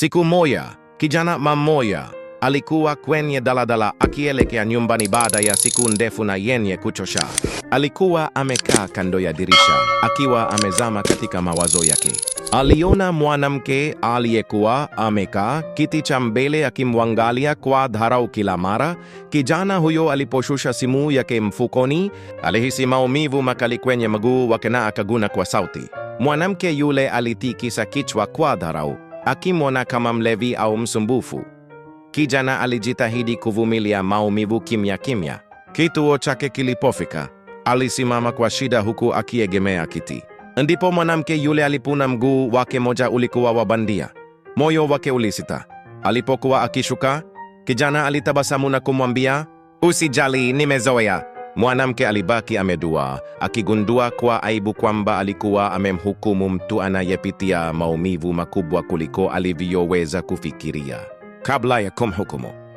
Siku moja kijana mmoja alikuwa kwenye daladala akielekea nyumbani baada ya siku ndefu na yenye kuchosha. Alikuwa amekaa kando ya dirisha akiwa amezama katika mawazo yake. Aliona mwanamke aliyekuwa amekaa kiti cha mbele akimwangalia kwa dharau kila mara. Kijana huyo aliposhusha simu yake mfukoni, alihisi maumivu makali kwenye mguu wake na akaguna kwa sauti. Mwanamke yule alitikisa kichwa kwa dharau akimwona kama mlevi au msumbufu. Kijana alijitahidi kuvumilia maumivu kimya kimya. Kituo chake kilipofika, alisimama kwa shida huku akiegemea kiti. Ndipo mwanamke yule alipuna mguu wake, moja ulikuwa wa bandia. Moyo wake ulisita. Alipokuwa akishuka, kijana alitabasamu na kumwambia, usijali, nimezoea. Mwanamke alibaki amedua, akigundua kwa aibu kwamba alikuwa amemhukumu mtu anayepitia maumivu makubwa kuliko alivyoweza kufikiria kabla ya kumhukumu.